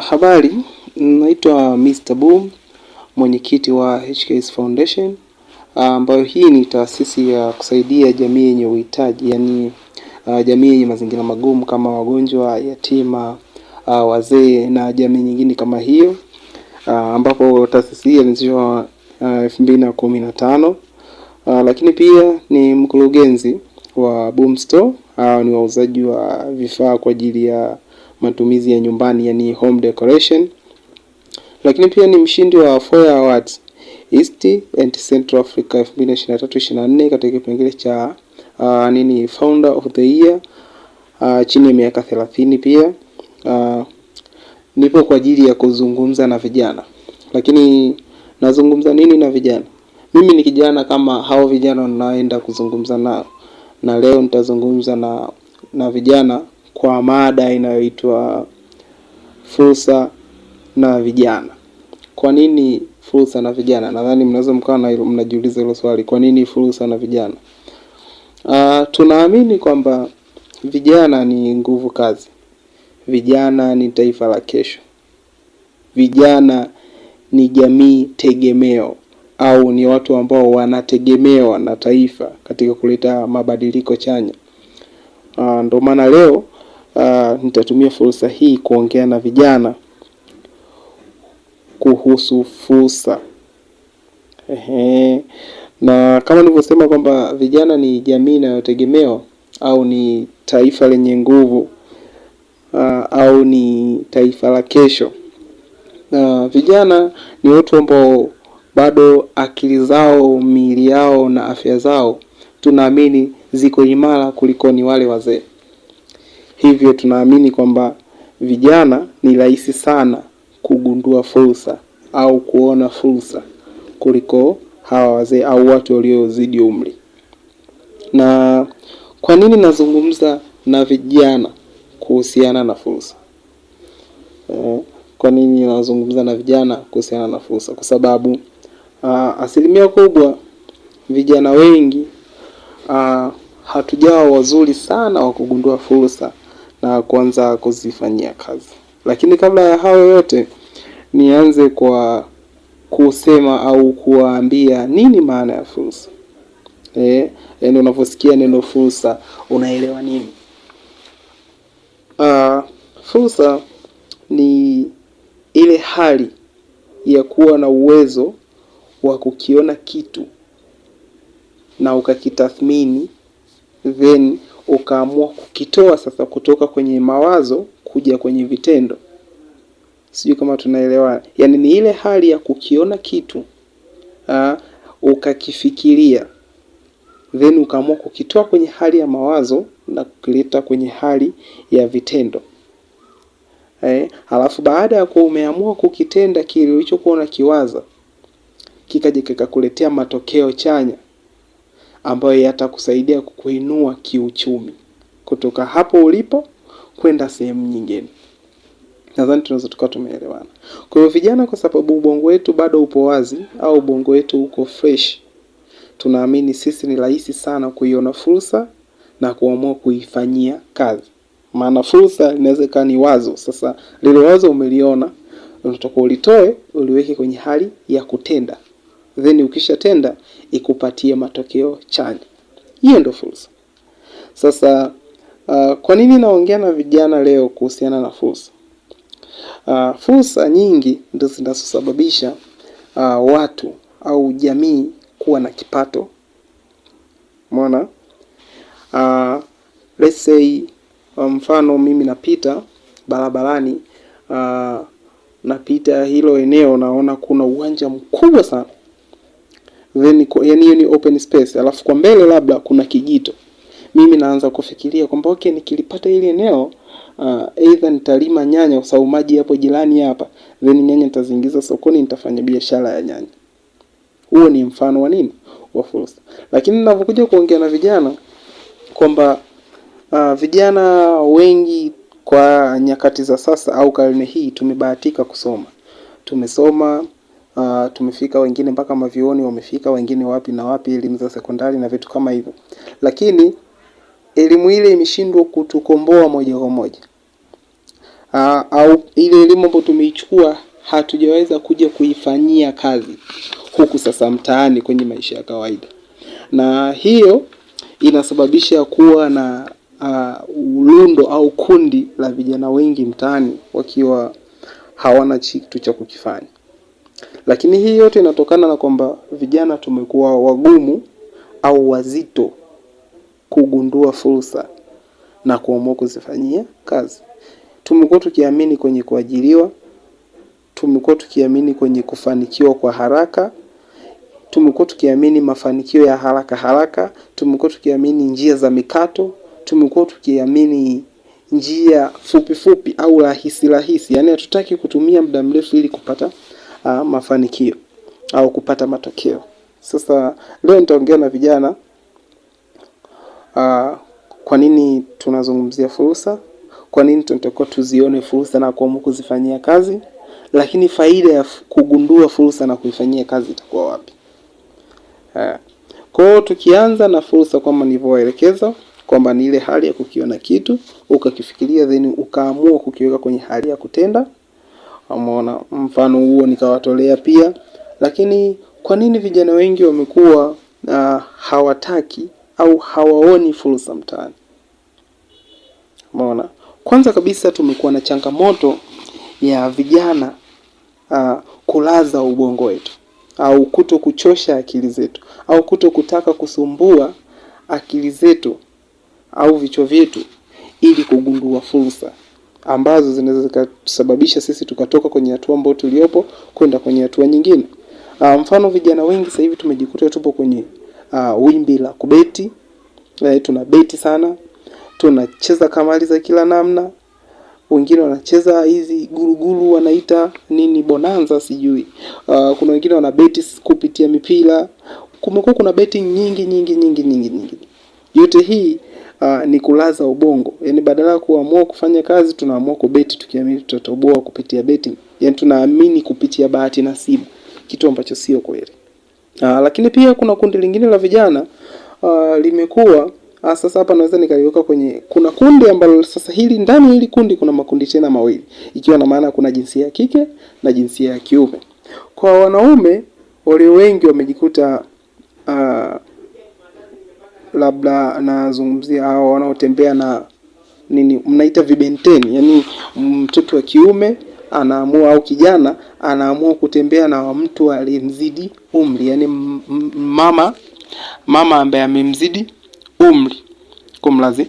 Habari, naitwa Mr. Boom, mwenyekiti wa HKS Foundation ambayo hii ni taasisi ya kusaidia jamii yenye uhitaji, yani uh, ah, jamii yenye mazingira magumu kama wagonjwa, yatima, uh, wazee na jamii nyingine kama hiyo uh, ambapo taasisi hii ilianzishwa elfu mbili na kumi na tano. Uh, lakini pia ni mkurugenzi wa Boom Store. Uh, ni wauzaji wa vifaa kwa ajili ya matumizi ya nyumbani, yani home decoration. Lakini pia ni mshindi wa Foya Awards East and Central Africa 2023 24 katika kipengele cha uh, nini founder of the year uh, chini ya miaka 30. Pia uh, nipo kwa ajili ya kuzungumza na vijana, lakini nazungumza nini na vijana? Mimi ni kijana kama hao vijana naenda kuzungumza nao, na leo nitazungumza na na vijana kwa mada inayoitwa fursa na vijana. Kwa nini fursa na vijana? Nadhani mnaweza mkawa mnajiuliza hilo swali, kwa nini fursa na vijana? Uh, tunaamini kwamba vijana ni nguvu kazi, vijana ni taifa la kesho, vijana ni jamii tegemeo au ni watu ambao wanategemewa na taifa katika kuleta mabadiliko chanya. Uh, ndio maana leo uh, nitatumia fursa hii kuongea na vijana kuhusu fursa. Ehe. Na kama nilivyosema kwamba vijana ni jamii inayotegemewa au ni taifa lenye nguvu uh, au ni taifa la kesho. Na vijana ni watu ambao bado akili zao, miili yao na afya zao tunaamini ziko imara kuliko ni wale wazee. Hivyo tunaamini kwamba vijana ni rahisi sana kugundua fursa au kuona fursa kuliko hawa wazee au watu waliozidi umri. Na kwa nini nazungumza na vijana kuhusiana na fursa? E, kwa nini nazungumza na vijana kuhusiana na fursa? Kwa sababu aa, ah, asilimia kubwa vijana wengi aa, ah, hatujawa wazuri sana wa kugundua fursa na kuanza kuzifanyia kazi. Lakini kabla ya hayo yote, nianze kwa kusema au kuwaambia nini maana ya fursa. Eh, yaani unaposikia neno fursa unaelewa nini? Uh, fursa ni ile hali ya kuwa na uwezo wa kukiona kitu na ukakitathmini then ukaamua kukitoa sasa kutoka kwenye mawazo kuja kwenye vitendo. Sijui kama tunaelewa Yaani ni ile hali ya kukiona kitu ha, ukakifikiria then ukaamua kukitoa kwenye hali ya mawazo na kukileta kwenye hali ya vitendo. Eh, halafu baada ya kuwa umeamua kukitenda kile ulichokuwa unakiwaza, kikaja kikakuletea matokeo chanya ambayo yatakusaidia kukuinua kiuchumi kutoka hapo ulipo kwenda sehemu nyingine. Nadhani tunaweza tukawa tumeelewana. Kwa hiyo vijana, kwa sababu ubongo wetu bado upo wazi au ubongo wetu uko fresh, tunaamini sisi ni rahisi sana kuiona fursa na kuamua kuifanyia kazi, maana fursa inaweza ikawa ni wazo. Sasa lile wazo umeliona, unatakiwa ulitoe uliweke kwenye hali ya kutenda then ukishatenda ikupatie matokeo chanya. Hiyo ndio fursa. Sasa uh, kwa nini naongea na vijana leo kuhusiana na fursa? Uh, fursa nyingi ndio zinazosababisha uh, watu au jamii kuwa na kipato. Umeona? Uh, let's say uh, mfano mimi napita barabarani, uh, napita hilo eneo, naona kuna uwanja mkubwa sana then yani hiyo ni open space, alafu kwa mbele labda kuna kijito. Mimi naanza kufikiria kwamba okay, nikilipata hili eneo uh, either nitalima nyanya kwa sababu maji yapo jirani hapa, then nyanya nitaziingiza sokoni, nitafanya biashara ya nyanya. Huo ni mfano wa nini, wa fursa. Lakini ninapokuja kuongea na vijana kwamba uh, vijana wengi kwa nyakati za sasa au karne hii tumebahatika kusoma, tumesoma Uh, tumefika wengine mpaka mavioni wamefika wengine wapi na wapi, elimu za sekondari na vitu kama hivyo, lakini elimu ile imeshindwa kutukomboa moja kwa moja uh, au ile elimu ambayo tumeichukua hatujaweza kuja kuifanyia kazi huku sasa mtaani kwenye maisha ya kawaida, na hiyo inasababisha kuwa na ulundo ah, au kundi la vijana wengi mtaani wakiwa hawana kitu cha kukifanya. Lakini hii yote inatokana na kwamba vijana tumekuwa wagumu au wazito kugundua fursa na kuamua kuzifanyia kazi. Tumekuwa tukiamini kwenye kuajiriwa, tumekuwa tukiamini kwenye kufanikiwa kwa haraka, tumekuwa tukiamini mafanikio ya haraka haraka, tumekuwa tukiamini njia za mikato, tumekuwa tukiamini njia fupi fupi au rahisi rahisi, yaani hatutaki kutumia muda mrefu ili kupata uh, mafanikio au kupata matokeo. Sasa leo nitaongea na vijana uh, kwa nini tunazungumzia fursa, kwa nini tunatakiwa tuzione fursa na kuamua kuzifanyia kazi, lakini faida ya kugundua fursa na kuifanyia kazi itakuwa wapi? Uh, kwa hiyo tukianza na fursa kama nilivyowaelekeza kwamba ni ile hali ya kukiona kitu ukakifikiria, then ukaamua kukiweka kwenye hali ya kutenda. Umeona, mfano huo nikawatolea pia. Lakini kwa nini vijana wengi wamekuwa uh, hawataki au hawaoni fursa mtaani? Umeona, kwanza kabisa tumekuwa na changamoto ya vijana uh, kulaza ubongo wetu au kuto kuchosha akili zetu au kuto kutaka kusumbua akili zetu au vichwa vyetu ili kugundua fursa ambazo zinaweza zikasababisha sisi tukatoka kwenye hatua ambayo tuliopo kwenda kwenye hatua nyingine. Uh, mfano vijana wengi sasa hivi tumejikuta tupo kwenye uh, wimbi la kubeti. E, eh, tuna beti sana, tunacheza kamari za kila namna. Wengine wanacheza hizi guruguru wanaita nini, bonanza sijui. Uh, kuna wengine wana beti kupitia mipira. Kumekuwa kuna beti nyingi nyingi nyingi nyingi nyingi, yote hii uh, ni kulaza ubongo. Yani badala ya kuamua kufanya kazi tunaamua kubeti tukiamini tutatoboa kupitia betting. Yani tunaamini kupitia bahati nasibu, kitu ambacho sio kweli. Uh, lakini pia kuna kundi lingine la vijana uh, limekuwa uh, sasa hapa naweza nikaliweka kwenye kuna kundi ambalo sasa hili ndani hili kundi kuna makundi tena mawili, ikiwa na maana kuna jinsia ya kike na jinsia ya kiume. Kwa wanaume walio wengi wamejikuta uh, labda nazungumzia hao wanaotembea na nini mnaita vibenteni, yani mtoto wa kiume anaamua au kijana anaamua kutembea na mtu aliyemzidi umri, yani mama mama ambaye amemzidi umri kumlazi.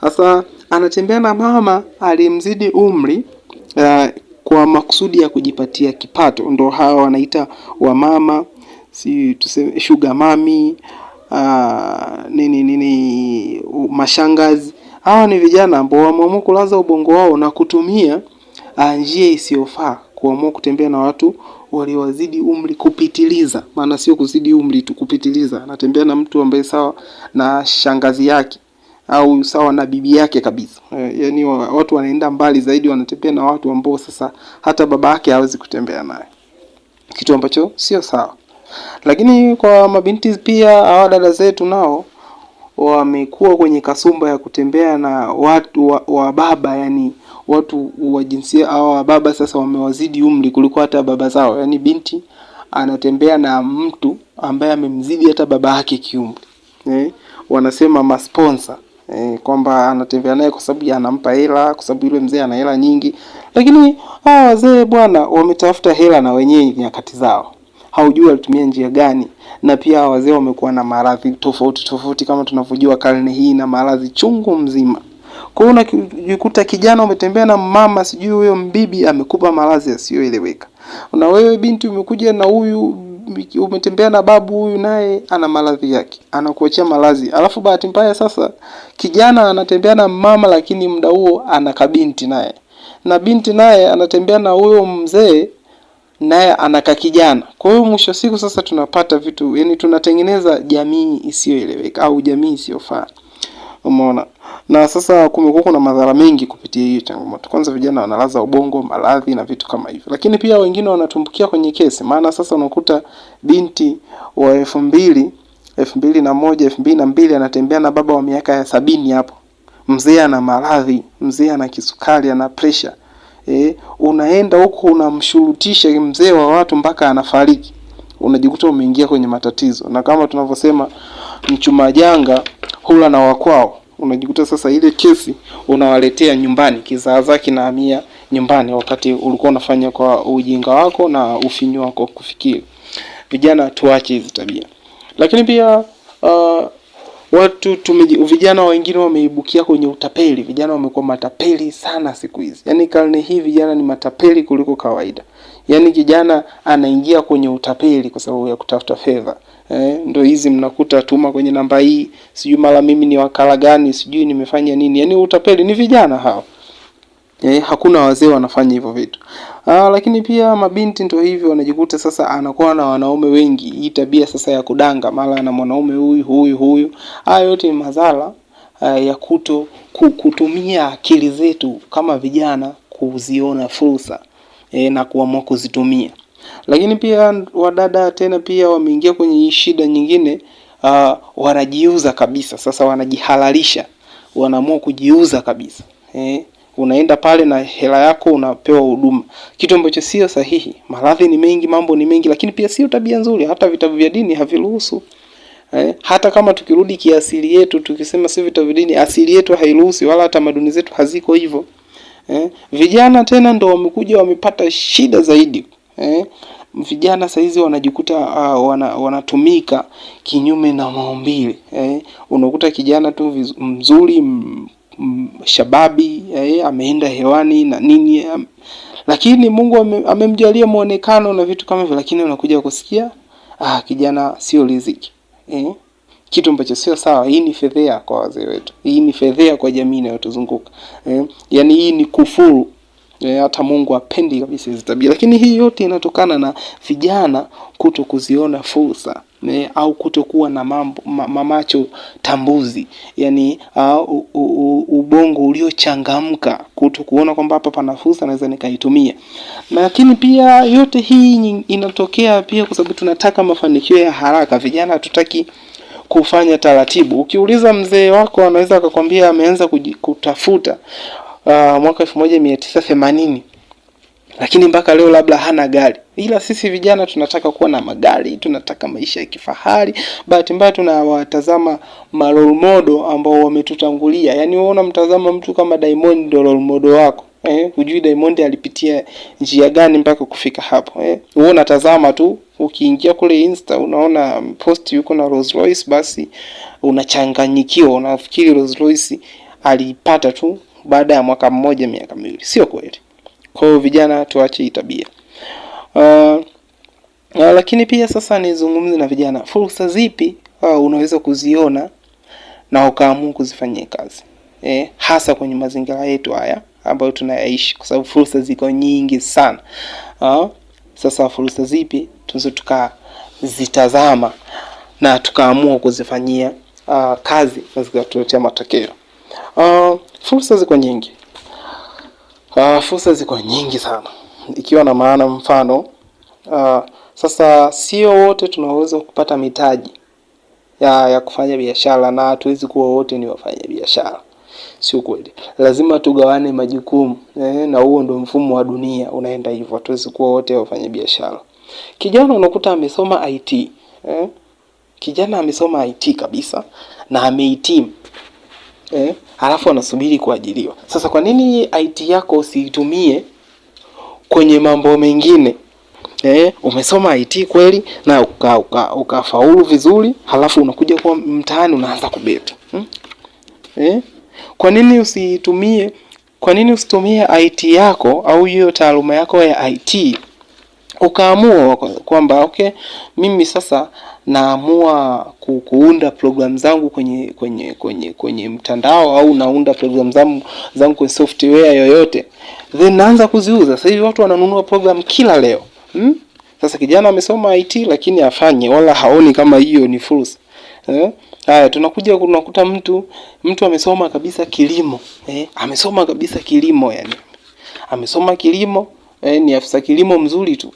Sasa anatembea na mama aliyemzidi umri uh, kwa makusudi ya kujipatia kipato. Ndo hawa wanaita wamama, si tuseme sugar mami Ah, nini nini, mashangazi. Hawa ni vijana ambao wameamua kulaza ubongo wao na kutumia ah, njia isiyofaa kuamua kutembea na watu waliowazidi umri kupitiliza. Maana sio kuzidi umri tu, kupitiliza. Anatembea na mtu ambaye sawa na shangazi yake au sawa na bibi yake kabisa. E, yaani watu wanaenda mbali zaidi, wanatembea na watu ambao sasa hata baba yake hawezi kutembea naye, kitu ambacho sio sawa. Lakini kwa mabinti pia hawa dada zetu nao wamekuwa kwenye kasumba ya kutembea na watu wa, wa baba yani watu wa jinsia hawa wa baba sasa wamewazidi umri kuliko hata baba zao. Yani binti anatembea na mtu ambaye amemzidi hata baba yake kiumri. Eh, wanasema masponsa eh, kwamba anatembea naye kwa sababu anampa hela, kwa sababu yule mzee ana hela nyingi. Lakini hawa wazee bwana wametafuta hela na wenyewe nyakati zao haujui alitumia njia gani. Na pia wazee wamekuwa na maradhi tofauti tofauti, kama tunavyojua karne hii na maradhi chungu mzima. Kwa hiyo unajikuta kijana umetembea na mama, sijui huyo mbibi amekupa maradhi yasiyoeleweka, na wewe binti umekuja na huyu umetembea na babu huyu naye ana maradhi yake, anakuachia maradhi. Alafu bahati mbaya sasa, kijana anatembea na mama, lakini muda huo ana kabinti naye, na binti naye anatembea na huyo mzee, naye anaka kijana. Kwa hiyo mwisho wa siku sasa tunapata vitu, yani tunatengeneza jamii isiyoeleweka au jamii isiyofaa. Umeona? Na sasa kumekuwa kuna madhara mengi kupitia hiyo changamoto. Kwanza vijana wanalaza ubongo, maradhi na vitu kama hivyo. Lakini pia wengine wanatumbukia kwenye kesi. Maana sasa unakuta binti wa elfu mbili elfu mbili na moja elfu mbili na mbili anatembea na baba wa miaka ya sabini hapo. Mzee ana maradhi, mzee ana kisukari, ana pressure eh, unaenda huko unamshurutisha mzee wa watu mpaka anafariki, unajikuta umeingia kwenye matatizo. Na kama tunavyosema mchuma janga hula na wakwao, unajikuta sasa ile kesi unawaletea nyumbani, kizaazaa kinahamia nyumbani, wakati ulikuwa unafanya kwa ujinga wako na ufinyu wako kufikiri. Vijana, tuache hizi tabia, lakini pia uh, watu tumeji, vijana wengine wameibukia kwenye utapeli. Vijana wamekuwa matapeli sana siku hizi, yaani karne hii vijana ni matapeli kuliko kawaida. Yaani kijana anaingia kwenye utapeli kwa sababu ya kutafuta fedha. Eh, ndo hizi mnakuta tuma kwenye namba hii, sijui mara mimi ni wakala gani, sijui nimefanya nini. Yaani utapeli ni vijana hao. Eh, hakuna wazee wanafanya hivyo vitu. Aa, ah, lakini pia mabinti ndio hivyo wanajikuta sasa anakuwa na wanaume wengi. Hii tabia sasa ya kudanga mara na mwanaume huyu huyu huyu, haya yote ni madhara eh, ya kuto kutumia akili zetu kama vijana kuziona fursa e, na kuamua kuzitumia. Lakini pia wadada tena pia wameingia kwenye shida nyingine. Uh, wanajiuza kabisa sasa, wanajihalalisha, wanaamua kujiuza kabisa eh unaenda pale na hela yako unapewa huduma, kitu ambacho sio sahihi. Maradhi ni mengi, mambo ni mengi, lakini pia sio tabia nzuri. Hata vitabu vya dini haviruhusu eh. Hata kama tukirudi kiasili yetu tukisema si vitabu vya dini, asili yetu hairuhusi, wala tamaduni zetu haziko hivyo eh. Vijana tena ndo wamekuja wamepata shida zaidi eh. Vijana hizi wanajikuta uh, wana, wanatumika kinyume na maumbile eh. Unakuta kijana tu mzuri shababi eh, ameenda hewani na nini am... lakini Mungu ame, amemjalia muonekano na vitu kama hivyo, lakini unakuja kusikia ah, kijana sio riziki eh, kitu ambacho sio sawa. Hii ni fedhea kwa wazee wetu, hii ni fedhea kwa jamii inayotuzunguka eh, yani hii ni kufuru eh, hata Mungu apendi kabisa hizo tabia, lakini hii yote inatokana na vijana kuto kuziona fursa ne, eh, au kutokuwa na mambo, mamacho tambuzi, yani uh, ubongo uliochangamka, kuto kuona kwamba hapa pana fursa naweza nikaitumia. Lakini pia yote hii inatokea pia kwa sababu tunataka mafanikio ya haraka. Vijana hatutaki kufanya taratibu. Ukiuliza mzee wako anaweza akakwambia ameanza kutafuta uh, mwaka elfu moja mia tisa themanini lakini mpaka leo labda hana gari. Ila sisi vijana tunataka kuwa na magari, tunataka maisha ya kifahari. Bahati mbaya tunawatazama role model ambao wametutangulia. Yani wewe unamtazama mtu kama Diamond ndio role model wako. Eh, hujui Diamond alipitia njia gani mpaka kufika hapo. Eh, wewe unatazama tu ukiingia kule Insta unaona post yuko na Rolls Royce, basi unachanganyikiwa, unafikiri Rolls Royce alipata tu baada ya mwaka mmoja, miaka miwili. Sio kweli. Kwa hiyo vijana, tuache hii tabia uh, Uh, lakini pia sasa nizungumze na vijana, fursa zipi uh, unaweza kuziona na ukaamua kuzifanyia kazi eh, hasa kwenye mazingira yetu haya ambayo tunayaishi, kwa sababu fursa ziko nyingi sana uh, sasa fursa zipi tunaweza tukazitazama na tukaamua kuzifanyia uh, kazi na zikatuletea matokeo uh, fursa ziko nyingi. Uh, fursa ziko nyingi sana, ikiwa na maana mfano uh, sasa sio wote tunaweza kupata mitaji ya, ya kufanya biashara na hatuwezi kuwa wote ni wafanya biashara, sio kweli. Lazima tugawane majukumu eh, na huo ndio mfumo wa dunia unaenda hivyo, hatuwezi kuwa wote wafanya biashara. Kijana unakuta amesoma IT eh, kijana amesoma IT kabisa na amehitimu eh, halafu anasubiri kuajiriwa. Sasa kwa nini IT yako usiitumie kwenye mambo mengine? Eh, umesoma IT kweli na ukafaulu uka, uka vizuri, halafu unakuja kwa mtaani unaanza kubeti hmm? Eh, kwa nini usitumie kwa nini usitumie IT yako au hiyo taaluma yako ya IT ukaamua kwamba okay, mimi sasa naamua ku, kuunda programu zangu kwenye kwenye kwenye kwenye mtandao au naunda programu zangu, zangu kwenye software yoyote, then naanza kuziuza. Sasa hivi watu wananunua programu kila leo hmm? Sasa kijana amesoma IT lakini afanye wala haoni kama hiyo ni fursa eh? Haya, tunakuja tunakuta mtu mtu amesoma kabisa kilimo eh? Amesoma kabisa kilimo yani amesoma kilimo eh, ni afisa kilimo mzuri tu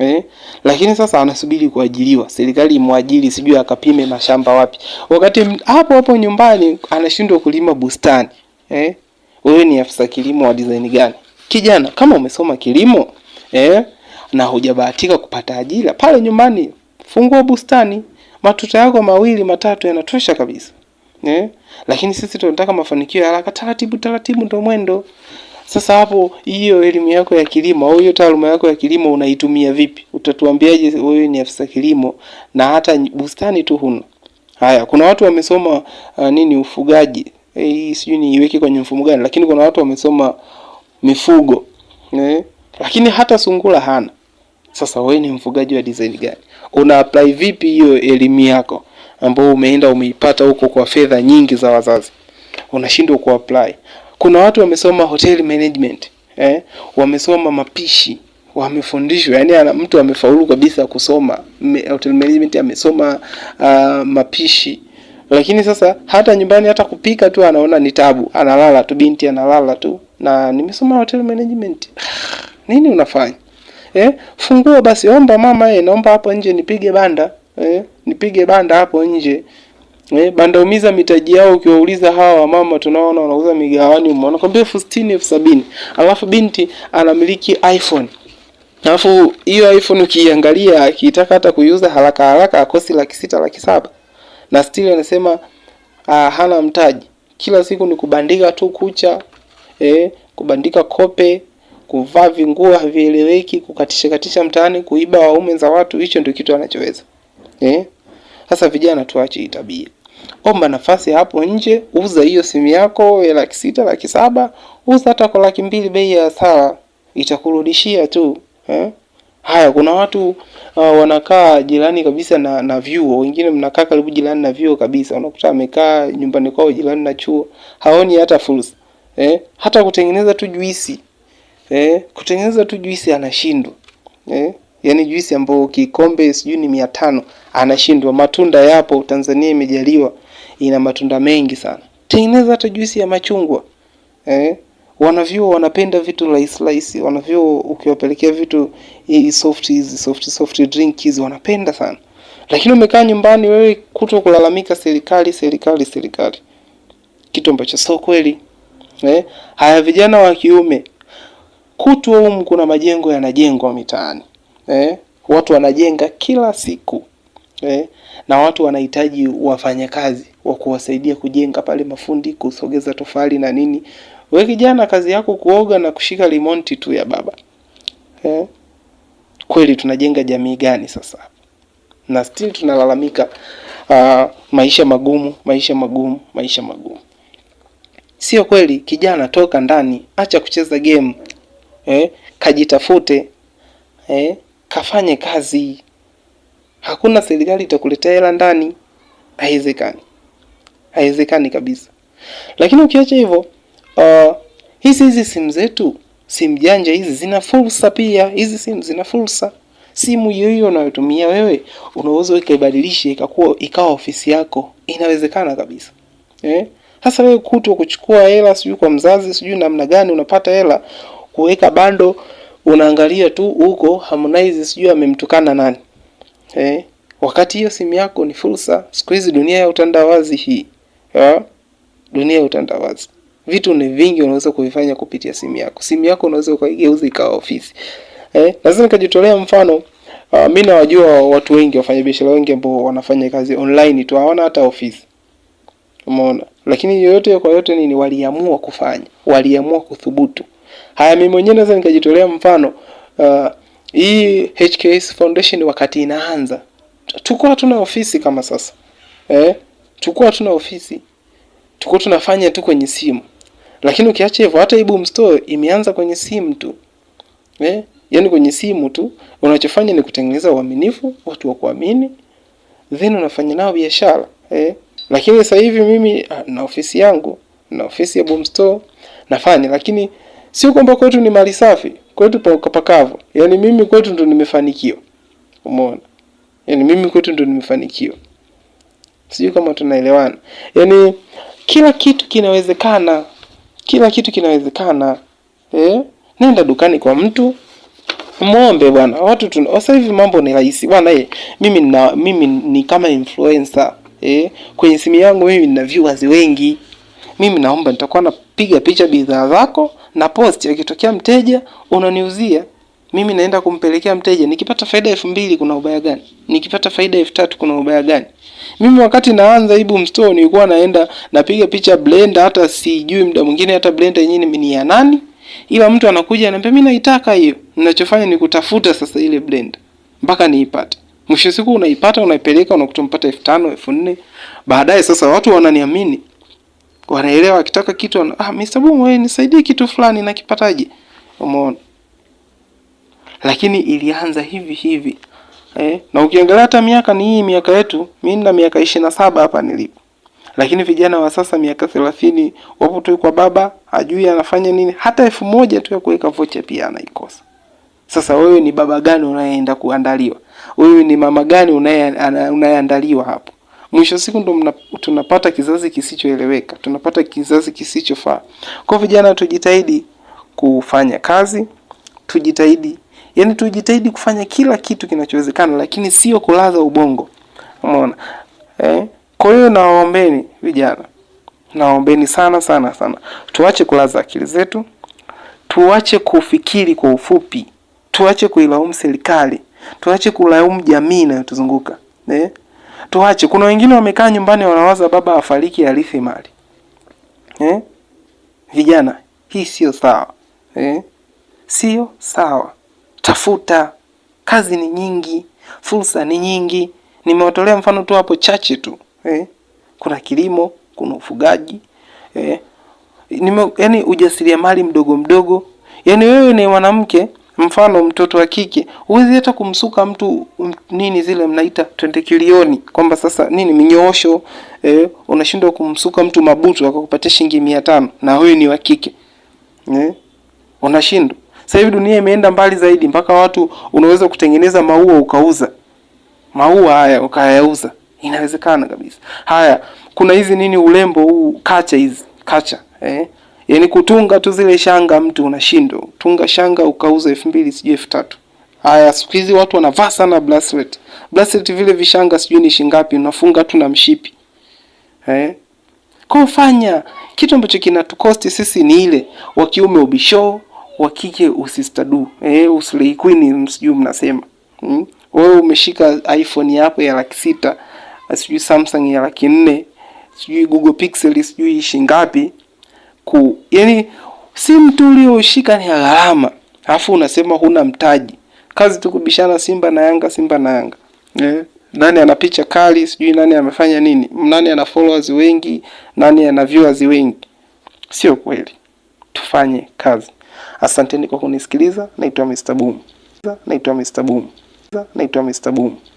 Eh? Lakini sasa anasubiri kuajiliwa, serikali imwajiri, sijui akapime mashamba wapi, wakati hapo hapo nyumbani anashindwa kulima bustani eh? Wewe ni afisa kilimo wa design gani? Kijana, kama umesoma kilimo eh? na hujabahatika kupata ajira pale nyumbani, fungua bustani, matuta yako mawili matatu yanatosha kabisa eh? Lakini sisi tunataka mafanikio ya haraka, taratibu taratibu, ndo mwendo. Sasa hapo, hiyo elimu yako ya kilimo au hiyo taaluma yako ya kilimo unaitumia vipi? Utatuambiaje wewe ni afisa kilimo na hata bustani tu huna? Haya, kuna watu wamesoma uh, nini ufugaji eh, hii e, sijui niiweke kwenye mfumo gani, lakini kuna watu wamesoma mifugo eh, lakini hata sungura hana. Sasa wewe ni mfugaji wa design gani? Una apply vipi hiyo elimu yako ambayo umeenda umeipata huko kwa fedha nyingi za wazazi, unashindwa ku apply? Kuna watu wamesoma hotel management eh, wamesoma mapishi, wamefundishwa yani ana, mtu amefaulu kabisa kusoma me, hotel management amesoma uh, mapishi lakini sasa hata nyumbani hata kupika tu anaona ni tabu, analala tu, binti analala tu, na nimesoma hotel management nini unafanya eh? Fungua basi, omba mama eh, naomba hapo nje nipige banda eh, nipige banda hapo nje. Eh, bandaumiza mitaji yao. Ukiwauliza hawa wamama tunaona wanauza migawani, umeona kwambia elfu sitini elfu sabini alafu binti anamiliki iPhone alafu hiyo iPhone ukiangalia akitaka hata kuiuza haraka haraka akosi laki sita laki saba na stili anasema ah, hana mtaji. Kila siku ni kubandika tu kucha eh, kubandika kope, kuvaa vinguo havieleweki, kukatisha katisha mtaani, kuiba waume za watu. Hicho ndio kitu anachoweza eh. Sasa vijana, tuache hii tabia omba nafasi hapo nje, uza hiyo simu yako ya laki sita laki saba uza hata kwa laki mbili, bei ya sawa itakurudishia tu eh? Haya, kuna watu uh, wanakaa jirani kabisa na na vyuo, wengine mnakaa karibu jirani na vyuo kabisa, unakuta amekaa nyumbani kwao jirani na chuo, haoni hata fursa eh? Hata kutengeneza tu juisi eh? Kutengeneza tu juisi anashindwa eh? yani juisi ambayo kikombe sijui ni mia tano anashindwa. Matunda yapo, Tanzania imejaliwa, ina matunda mengi sana. Tengeneza hata juisi ya machungwa eh. Wanavyuo wanapenda vitu rahisi rahisi, wanavyuo ukiwapelekea vitu hii soft hizi soft soft drink hizi wanapenda sana, lakini umekaa nyumbani wewe kuto kulalamika serikali serikali serikali, kitu ambacho sio kweli eh. Haya, vijana wa kiume, kutwa humu kuna majengo yanajengwa mitaani eh, watu wanajenga kila siku eh, na watu wanahitaji wafanyakazi wa kuwasaidia kujenga pale, mafundi kusogeza tofali na nini. Wewe kijana, kazi yako kuoga na kushika limonti tu ya baba eh. Kweli tunajenga jamii gani sasa? Na still tunalalamika uh, maisha magumu, maisha magumu, maisha magumu. Sio kweli kijana, toka ndani, acha kucheza game eh, kajitafute eh kafanye kazi. Hakuna serikali itakuletea hela ndani, haiwezekani, haiwezekani kabisa. Lakini ukiacha hivyo, uh, hizi hizi simu zetu, simu janja hizi zina fursa pia. Hizi simu zina fursa. Simu hiyo hiyo unayotumia wewe unaweza ukaibadilisha ikakuwa ikawa ofisi yako, inawezekana kabisa eh? Hasa wewe kutwa kuchukua hela sijui kwa mzazi sijui namna gani unapata hela kuweka bando unaangalia tu huko Harmonize sijui amemtukana nani eh, wakati hiyo simu yako ni fursa. Siku hizi dunia ya utandawazi hii ya, e, dunia ya utandawazi vitu ni vingi, unaweza kuvifanya kupitia simu yako. Simu yako unaweza ukaigeuza ikawa ofisi eh. Lazima nikajitolea mfano Uh, mi nawajua watu wengi wafanyabiashara wengi ambao wanafanya kazi online tu, hawana hata ofisi, umeona. Lakini yoyote kwa yote nini, waliamua kufanya, waliamua kuthubutu Haya, mimi mwenyewe naweza nikajitolea mfano uh, hii HKS Foundation wakati inaanza tuko hatuna ofisi kama sasa eh, tuko hatuna ofisi, tuko tunafanya tu kwenye simu, lakini ukiacha hivyo, hata Ibu Store imeanza kwenye simu tu eh, yani kwenye simu tu. Unachofanya ni kutengeneza uaminifu, watu wa kuamini, then unafanya nao biashara eh. Lakini sasa hivi mimi ah, na ofisi yangu na ofisi ya Ibum Store nafanya, lakini Sio kwamba kwetu ni mali safi, kwetu pakapakavu. yani mimi kwetu ndo nimefanikiwa. Umeona? Yani mimi kwetu ndo nimefanikiwa. Sijui kama tunaelewana. Yani kila kitu kinawezekana. Kila kitu kinawezekana. Eh? Nenda dukani kwa mtu muombe bwana. Watu tuna oh, sasa hivi mambo ni rahisi. Bwana eh, mimi na mimi ni kama influencer. Eh, kwenye simu yangu mimi nina viewers wengi. Mimi naomba nitakuwa napiga picha bidhaa zako na posti, akitokea mteja unaniuzia mimi, naenda kumpelekea mteja. Nikipata faida elfu mbili kuna ubaya gani? Nikipata faida elfu tatu kuna ubaya gani? Mimi wakati naanza Ibum Store nilikuwa naenda napiga picha blender, hata sijui muda mwingine hata blender yenyewe ni ya nani, ila mtu anakuja anambia mimi naitaka hiyo. Ninachofanya ni kutafuta sasa ile blender mpaka niipate. Mwisho siku unaipata, unaipeleka, unakuta mpata elfu tano elfu nne. Baadaye sasa watu wananiamini wanaelewa, akitaka kitu wana, ah, Mr. Boom wewe nisaidie kitu fulani na kipataje? Umeona? Lakini ilianza hivi hivi eh, na ukiangalia hata miaka ni hii miaka yetu, mimi nina miaka ishirini na saba hapa nilipo, lakini vijana wa sasa miaka thelathini wapo tu kwa baba hajui anafanya nini, hata elfu moja tu ya kuweka vocha pia anaikosa. Sasa wewe ni baba gani unayeenda kuandaliwa? Wewe ni mama gani unayeandaliwa hapo? Mwisho siku ndo tunapata kizazi kisichoeleweka, tunapata kizazi kisichofaa. Kwa vijana, tujitahidi kufanya kazi, tujitahidi yani, tujitahidi kufanya kila kitu kinachowezekana, lakini sio kulaza ubongo. Umeona eh? Kwa hiyo nawaombeni vijana, nawaombeni sana sana sana, tuache kulaza akili zetu, tuache kufikiri kwa ufupi, tuache kuilaumu serikali, tuache kulaumu jamii inayotuzunguka eh? tuache. Kuna wengine wamekaa nyumbani wanawaza baba afariki arithi mali eh? Vijana, hii sio sawa eh? Sio sawa. Tafuta kazi, ni nyingi, fursa ni nyingi. Nimewatolea mfano tu hapo chache tu eh? Kuna kilimo, kuna ufugaji eh? Nime, yani ujasiriamali mdogo mdogo, yani wewe ni mwanamke Mfano mtoto wa kike huwezi hata kumsuka mtu nini zile mnaita twendekilioni kwamba sasa nini minyoosho eh, unashindwa kumsuka mtu mabutu akakupatia shilingi mia tano na huyu ni wa kike eh, unashindwa. Sasa hivi dunia imeenda mbali zaidi mpaka watu unaweza kutengeneza maua ukauza maua haya ukayauza, inawezekana kabisa. Haya, kuna hizi nini, urembo huu, kacha hizi kacha eh Yaani kutunga tu zile shanga mtu unashindwa. Tunga shanga ukauza elfu mbili sijui elfu tatu. Haya siku hizi watu wanavaa sana bracelet. Bracelet vile vishanga sijui ni shingapi unafunga tu na mshipi. Eh? Kwa fanya kitu ambacho kinatukosti sisi ni ile wa kiume ubisho, wa kike usistadu. Eh, usley queen sijui mnasema. Hmm? Wewe umeshika iPhone yako ya laki sita, sijui Samsung ya laki nne, sijui Google Pixel sijui shingapi ku yani simu tu ulioshika ni gharama, alafu unasema huna mtaji. Kazi tu kubishana Simba na Yanga, Simba na Yanga yeah. Nani ana picha kali, sijui nani amefanya nini, nani ana followers wengi, nani ana viewers wengi. Sio kweli, tufanye kazi. Asanteni kwa kunisikiliza. Naitwa Mr. Boom, naitwa Mr. Boom, naitwa Mr. Boom.